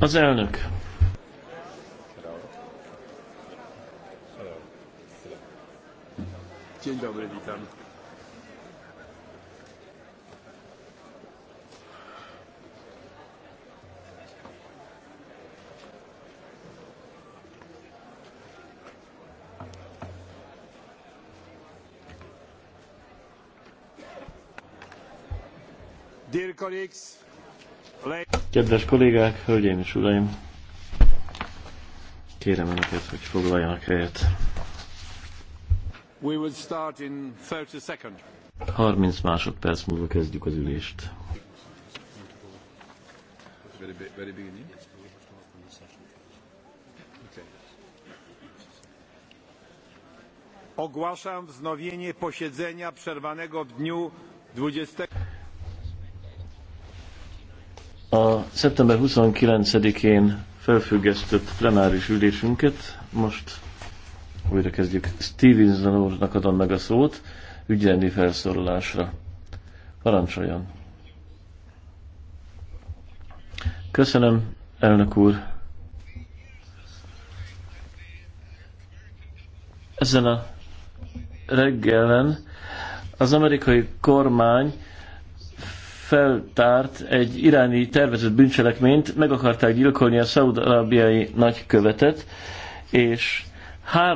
Az elnök. Dzień dobry, witam. Dear colleagues, Kedves kollégák, hölgyeim és uraim! Kérem önöket, hogy foglaljanak helyet. 30 másodperc múlva kezdjük az ülést. Ogłaszam wznowienie posiedzenia przerwanego w dniu 20 a szeptember 29-én felfüggesztett plenáris ülésünket most újra kezdjük. Stevenson úrnak adom meg a szót ügyelni felszólalásra. Parancsoljon! Köszönöm, elnök úr! Ezen a reggelen az amerikai kormány feltárt egy iráni tervezett bűncselekményt, meg akarták gyilkolni a szaudarabiai nagykövetet, és három